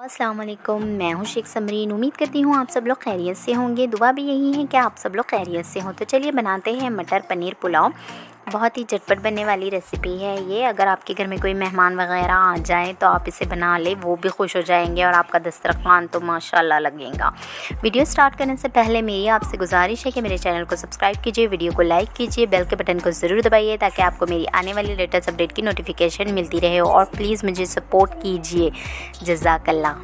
असलम मैं हूं शेख समरीन उम्मीद करती हूं आप सब लोग खैरियत से होंगे दुआ भी यही है कि आप सब लोग खैरियत से हों तो चलिए बनाते हैं मटर पनीर पुलाव बहुत ही झटपट बनने वाली रेसिपी है ये अगर आपके घर में कोई मेहमान वगैरह आ जाए तो आप इसे बना लें वो भी खुश हो जाएंगे और आपका दस्तरखान तो माशाल्लाह लगेगा वीडियो स्टार्ट करने से पहले मेरी आपसे गुजारिश है कि मेरे चैनल को सब्सक्राइब कीजिए वीडियो को लाइक कीजिए बेल के बटन को ज़रूर दबाइए ताकि आपको मेरी आने वाली लेटेस्ट अपडेट की नोटिफिकेशन मिलती रहे और प्लीज़ मुझे सपोर्ट कीजिए जजाकल्ला